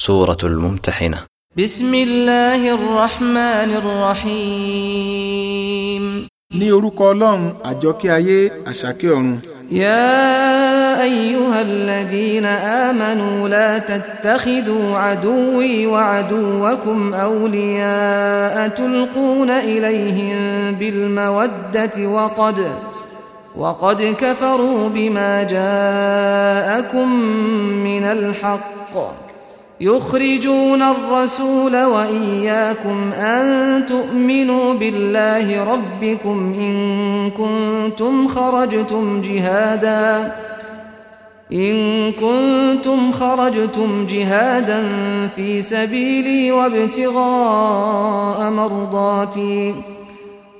سورة الممتحنة بسم الله الرحمن الرحيم ní orúkọ ọlọ́run àjọkẹ́ يا أيها الذين آمنوا لا تتخذوا عدوي وعدوكم أولياء تلقون إليهم بالمودة وقد وقد كفروا بما جاءكم من الحق يخرجون الرسول وإياكم أن تؤمنوا بالله ربكم إن كنتم خرجتم جهادا إن كنتم خرجتم جهادا في سبيلي وابتغاء مرضاتي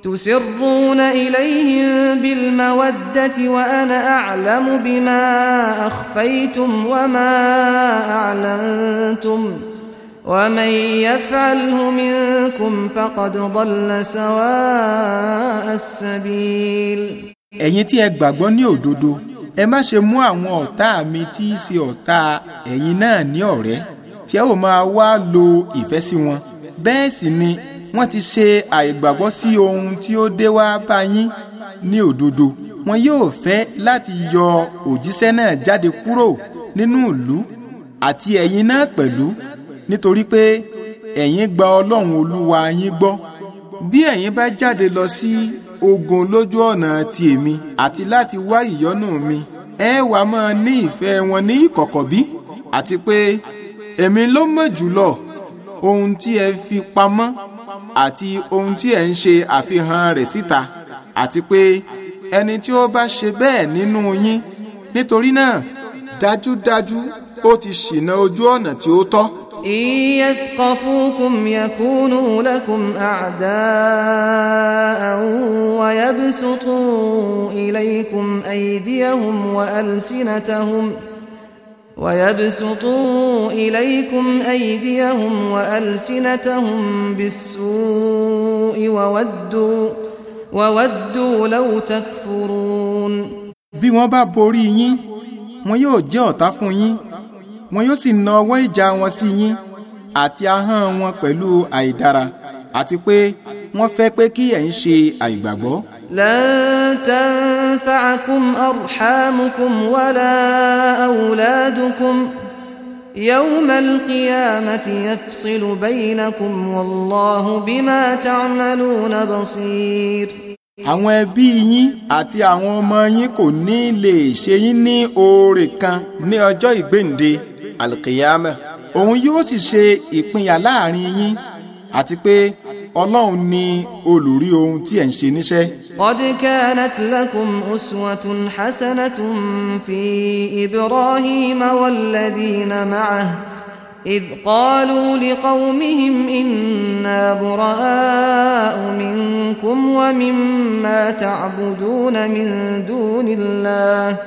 تسرون إليهم بالمودة وأنا أعلم بما أخفيتم وما أعلنتم ومن يفعله منكم فقد ضل سواء السبيل ẹ̀yin tí ẹ gbàgbọ́ ní òdodo ẹ má ṣe mú àwọn ọ̀tá mi tí í ṣe ọ̀tá ẹ̀yin náà ní ọ̀rẹ́ tí ẹ ò máa wá lo ìfẹ́ sí wọn bẹ́ẹ̀ sì ni wọ́n ti ṣe àìgbàgbọ́ sí ohun tí ó dé wá bá yín ní òdodo wọn yóò fẹ́ láti yọ òjíṣẹ́ náà jáde kúrò nínú ìlú àti ẹ̀yin náà pẹ̀lú nítorí pé ẹ̀yin gba ọlọ́run olúwa yín gbọ́ bí ẹ̀yin bá jáde lọ sí ogun lójú ọ̀nà ti èmi àti láti wá ìyọ́nú mi ẹ wàá máa ní ìfẹ́ wọn ní ìkọ̀kọ̀ bí àti pé èmi ló mọ̀ jùlọ ohun tí ẹ fi pamọ́ àti ohun tí ẹ̀ ń ṣe àfihàn rẹ̀ síta àti pé ẹni tí ó bá ṣe bẹ́ẹ̀ nínú yín nítorí náà dájúdájú ó ti ṣìnà ojú ọ̀nà tí ó tọ́. يثقفوكم يكونوا لكم أعداء ويبسطوا إليكم أيديهم وألسنتهم ۖ ويبسطوا إليكم أيديهم وألسنتهم بالسوء وودوا وودوا لو تكفرون bí wọ́n bá borí yín wọn yóò jẹ́ ọ̀tá fún yín wọn yóò sì na ọwọ́ ìjà wọn sí yín àti ahọ́n wọn pẹ̀lú àìdára àti pé wọ́n fẹ́ pé kí ẹ̀yin ṣe àìgbàgbọ́. لن تنفعكم أرحامكم ولا أولادكم يوم القيامة يفصل بينكم والله بما تعملون بصير àwọn ẹbí yín àti àwọn ọmọ yín kò ní lè ṣe yín ní oore kan ní ọjọ́ ìgbéǹde alkiyama òun yóò sì ṣe ìpínyà láàrin yín àti pé ọlọ́run ni olùrí ohun tí ẹ̀ ń ṣe níṣẹ́. قد كانت لكم أسوة حسنة في إبراهيم والذين معه إذ قالوا لقومهم إنا براء منكم ومما تعبدون من دون الله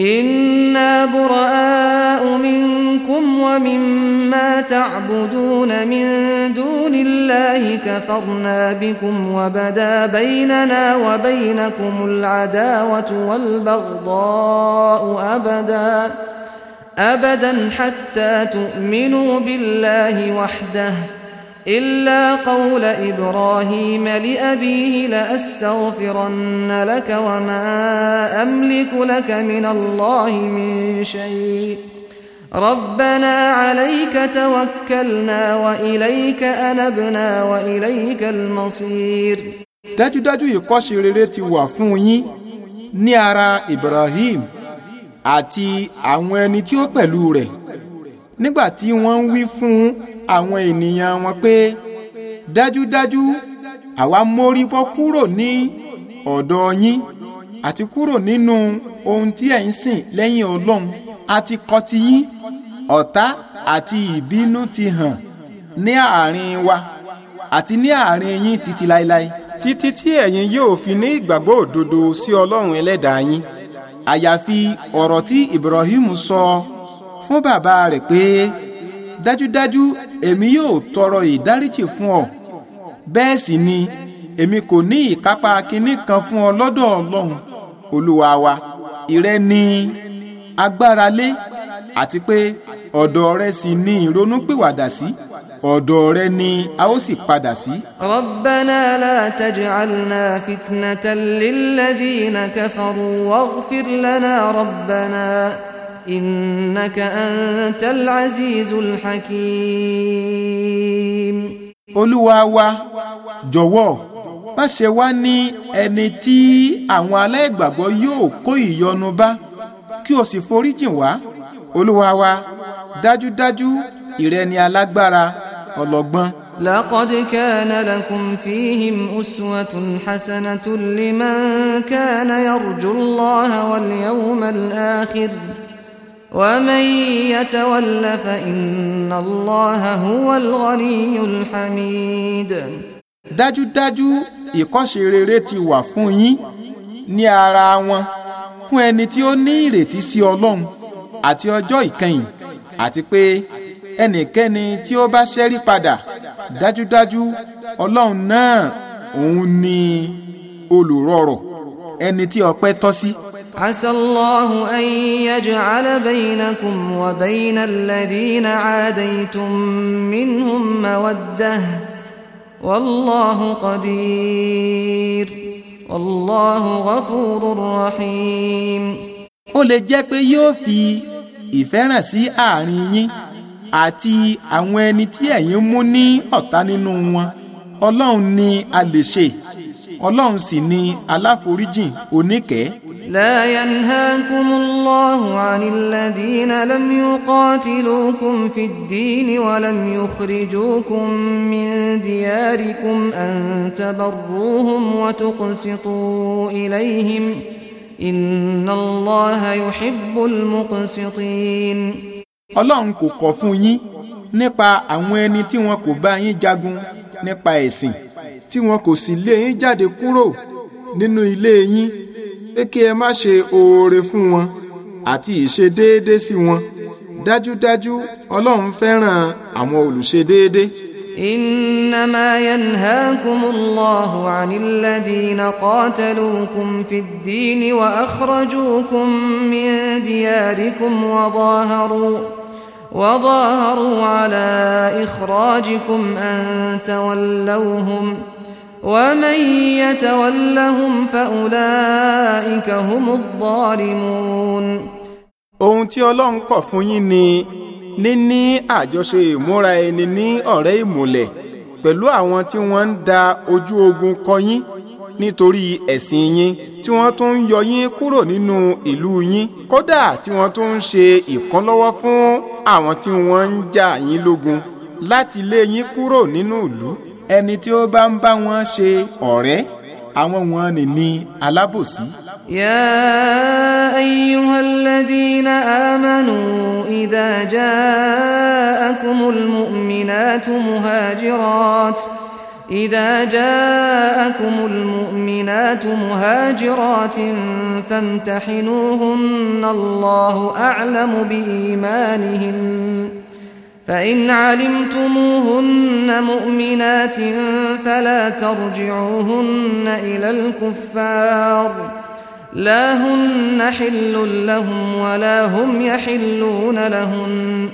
إنا براء منكم ومما تعبدون من دون الله كفرنا بكم وبدا بيننا وبينكم العداوة والبغضاء أبدا أبدا حتى تؤمنوا بالله وحده ۖ إلا قول إبراهيم لأبيه لأستغفرن لك وما أملك لك من الله من شيء ربنا عليك توكلنا وإليك أنبنا وإليك المصير dájúdájú ìkọ́ṣe يقاشي ريتي wà نيارا إبراهيم أتي ara Ibrahim nígbà tí wọ́n ń wí fún àwọn ènìyàn wọn pé dájúdájú àwa mórí bọ́ kúrò ní ọ̀dọ̀ yín àti kúrò nínú ohun tí ẹ̀ ń sìn lẹ́yìn ọlọ́run àti kọ̀ ti yín ọ̀tá àti ìbínú ti hàn ní àárín wa àti ní àárín yín títí láéláé títí tí ẹ̀yin yóò fi ní ìgbàgbọ́ òdodo sí ọlọ́run ẹlẹ́dàá yín àyàfi ọ̀rọ̀ tí Ibrahim sọ. So, fún bàbá rẹ̀ pé dájúdájú èmi yóò tọrọ ìdáríjì fún ọ bẹ́ẹ̀ sì ni èmi kò ní ìkápá kinní kan fún ọ lọ́dọ̀ ọlọ́run olúwa wa ìrẹ ni agbára lé àti pé ọ̀dọ̀ rẹ sì ni ìrònúpìwàdà sí ọ̀dọ̀ rẹ ni a ó sì padà sí. Rabbana la taj'alna fitnatan lilladhina kafaru waghfir lana rabbana. إنك أنت العزيز الحكيم olúwa wa jọ̀wọ́ má ṣe wá ní ẹni tí àwọn aláìgbàgbọ́ yóò kó ìyọnu bá kí o sì foríjìn wá olúwa dájúdájú ìrẹ alágbára ọlọ́gbọ́n. لقد كان لكم فيهم أسوة حسنة لمن كان يرجو الله واليوم الآخر ومن يتول فإن الله هو الغني الحميد dájúdájú ìkọ́ṣe rere ti wà fún yín ní ara wọn fún ẹni tí ó ní ìrètí sí ọlọ́run àti ọjọ́ ìkẹyìn àti pé ẹnikẹ́ni tí ó bá ṣẹ́rí padà dájúdájú ọlọ́run náà òun ni olùrọ̀rọ̀ ẹni tí ọpẹ́ tọ́ sí. Si عسى الله أن يجعل بينكم وبين الذين عاديتم منهم مودة والله قدير والله غفور رحيم ó lè jẹ́ pé yóò fi ìfẹ́ sí àárín yín àti àwọn ẹni tí ẹ̀yin mú ní ọ̀tá nínú wọn ọlọ́run ni a lè ṣe ọlọ́run sì ni aláforíjìn oníkẹ́. لا ينهاكم الله عن الذين لم يقاتلوكم في الدين ولم يخرجوكم من دياركم أن تبروهم وتقسطوا إليهم إن الله يحب المقسطين ọlọ́run kò kọ̀ fún yín nípa àwọn ẹni tí wọn kò bá yín jagun nípa ẹ̀sìn tí wọn kò sì lé yín jáde kúrò nínú ilé yín pé kí ẹ má ṣe oore fún wọn àti ìṣe déédé sí wọn dájúdájú ọlọ́run fẹ́ràn àwọn olùṣe déédé. إنما ينهاكم الله عن الذين قاتلوكم في الدين وأخرجوكم من دياركم وظاهروا وظاهروا على إخراجكم أن تولوهم ۖ ومن يتولهم فأولئك هم الظالمون ohun tí ọlọ́run kọ̀ fún yín ni níní àjọṣe ìmúra ẹni ní ọ̀rẹ́ ìmùlẹ̀ pẹ̀lú àwọn tí wọ́n ń da ojú ogun kọ yín nítorí ẹ̀sìn yín tí wọ́n tún ń yọ yín kúrò nínú ìlú yín kódà tí wọ́n tún ń ṣe ìkánlọ́wọ́ fún àwọn tí wọ́n ń jà yín lógun láti lé yín kúrò nínú ìlú ẹni tí ó bá ń bá wọn ṣe ọ̀rẹ́ àwọn wọn ni ní alábòsí. يا أيها الذين آمنوا إذا جاءكم المؤمنات مهاجرات إذا جاءكم المؤمنات مهاجرات فامتحنوهن الله أعلم بإيمانهن فإن علمتموهن مؤمنات فلا ترجعوهن إلى الكفار لا هن حل لهم ولا هم يحلون لهن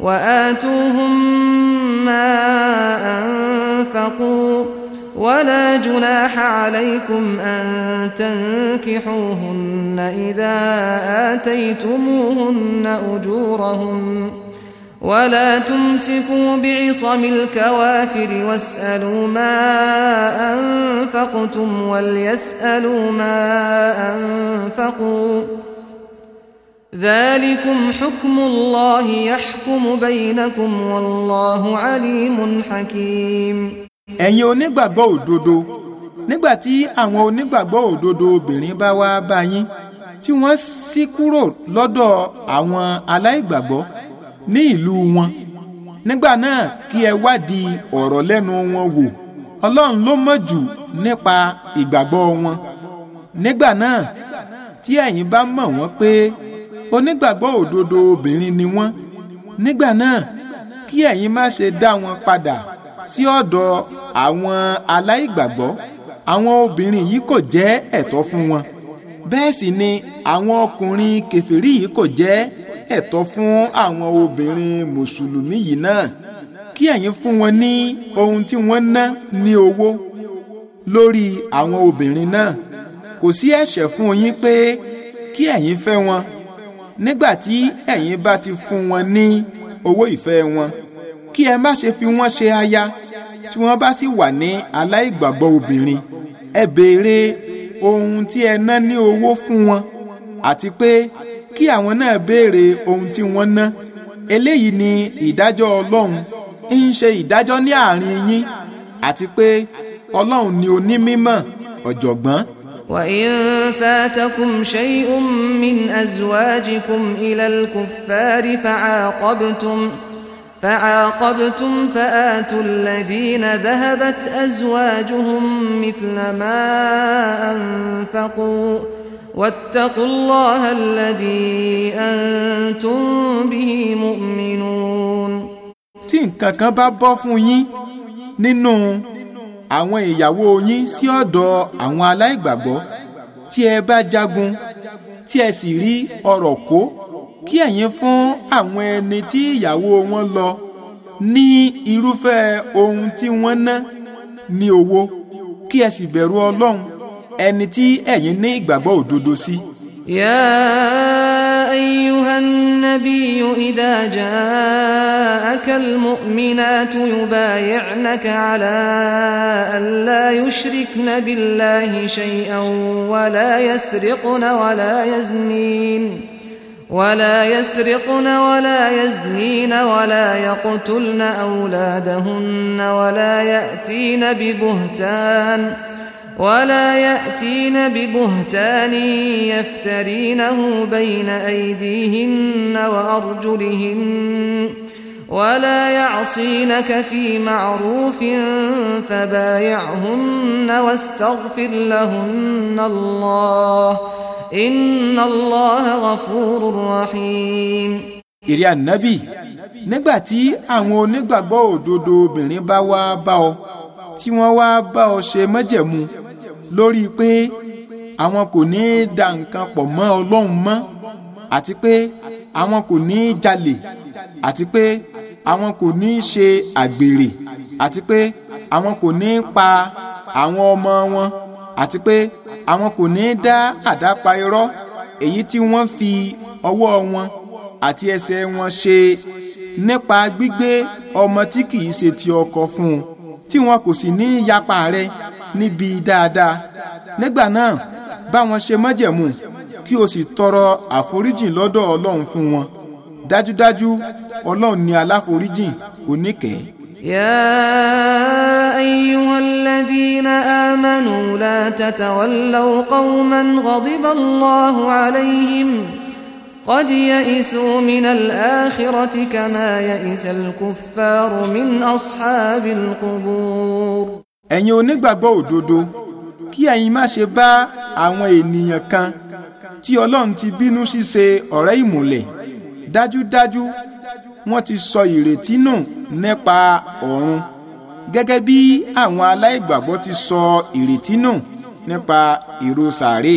وآتوهم ما أنفقوا ولا جناح عليكم أن تنكحوهن إذا آتيتموهن أجورهن ولا تمسكوا بعصم الكوافر واسألوا ما أنفقتم وليسألوا ما أنفقوا ذلكم حكم الله يحكم بينكم والله عليم حكيم ẹ̀yin onígbàgbọ́ òdodo nígbà tí àwọn onígbàgbọ́ òdodo obìnrin bá wá bá yín tí wọ́n sì kúrò lọ́dọ̀ àwọn aláìgbàgbọ́ ní ìlú wọn nígbà náà kí ẹ wádìí ọ̀rọ̀ lẹ́nu wọn wò ọlọ́run ló mọ̀ jù nípa ìgbàgbọ́ wọn nígbà náà tí ẹ̀yin bá mọ̀ wọ́n pé onígbàgbọ́ òdodo obìnrin ni wọ́n nígbà náà kí ẹ̀yin má ṣe dá wọn padà sí ọ̀dọ̀ àwọn aláìgbàgbọ́ àwọn obìnrin yìí kò jẹ́ ẹ̀tọ́ fún wọn bẹ́ẹ̀ sì ni àwọn ọkùnrin kèfèrí yìí kò jẹ́ ẹ̀tọ́ fún àwọn obìnrin mùsùlùmí yìí náà kí ẹ̀yin fún wọn ní ohun tí wọ́n ná ní owó lórí àwọn obìnrin náà kò sí ẹ̀ṣẹ̀ fún yín pé kí ẹ̀yin fẹ́ wọn nígbà tí ẹ̀yin bá ti fún wọn ní owó ìfẹ́ wọn kí ẹ má ṣe fi wọ́n ṣe aya tí wọ́n bá sì wà ní aláìgbàgbọ́ obìnrin ẹ béèrè ohun tí ẹ ná ní owó fún wọn àti pé kí àwọn náà béèrè ohun tí wọ́n ná eléyìí ni ìdájọ́ ọlọ́run ń ṣe ìdájọ́ ní àárín yín àti pé ọlọ́run ni onímímọ̀ ọ̀jọ̀gbọ́n. وإن فاتكم شيء من أزواجكم إلى الكفار فعاقبتم فعاقبتم فآتوا الذين ذهبت أزواجهم مثل ما أنفقوا واتقوا الله الذي أنتم به مؤمنون tí nǹkan kan bá bọ́ fún yín nínú àwọn ìyàwó yín sí ọ̀dọ̀ àwọn aláìgbàgbọ́ tí ẹ bá jagun tí ẹ sì rí ọrọ̀ kó kí ẹ̀yin fún àwọn ẹni tí ìyàwó wọn lọ ní irúfẹ́ ohun tí wọ́n ná ní owó kí ẹ sì bẹ̀rù Ọlọ́run ẹni tí ẹ̀yin ní ìgbàgbọ́ òdodo sí. يا أيها النبي إذا جاءك المؤمنات يبايعنك على أن لا يشركن بالله شيئا ولا يسرقن ولا يزنين ولا يسرقن ولا يزنين ولا يقتلن أولادهن ولا يأتين ببهتان ۖ ولا يأتين ببهتان يفترينه بين أيديهن وأرجلهن ولا يعصينك في معروف فبايعهن واستغفر لهن الله إن الله غفور رحيم ìrì ànábì nígbà tí àwọn onígbàgbọ́ òdodo obìnrin bá wá bá ọ tí wọ́n wá bá ọ ṣe májẹ̀mú lórí pé àwọn kò ní í da nǹkan pọ̀ mọ́ ọlọ́run mọ́ àti pé àwọn kò ní í jalè àti pé àwọn kò ní í ṣe àgbèrè àti pé àwọn kò ní í pa àwọn ọmọ wọn àti pé àwọn kò ní í dá àdápa irọ́ èyí tí wọ́n fi ọwọ́ wọn àti ẹsẹ̀ wọn ṣe nípa gbígbé ọmọ tí kìí ṣe ti ọkọ fún un tí wọn kò sì ní í yapa rẹ̀ níbi dáadáa nígbà náà bá wọn ṣe májẹ̀mú kí o sì tọrọ àforíjìn lọ́dọ̀ ọlọ́run fún wọn dájúdájú ọlọ́run ni aláforíjìn oníkẹ́. يا أيها الذين آمنوا لا تتولوا قوما غضب الله عليهم قد يئسوا من الآخرة كما يئس الكفار من أصحاب القبور ẹ̀yin onígbàgbọ́ òdodo kí ẹ̀yin má ṣe bá àwọn ènìyàn kan tí ọlọ́run ti bínú ṣíṣe ọ̀rẹ́ ìmùlẹ̀ dájúdájú wọ́n ti sọ ìrètí nù nípa ọ̀run gẹ́gẹ́ bí àwọn aláìgbàgbọ́ ti sọ ìrètí nù nípa ìró sàárè.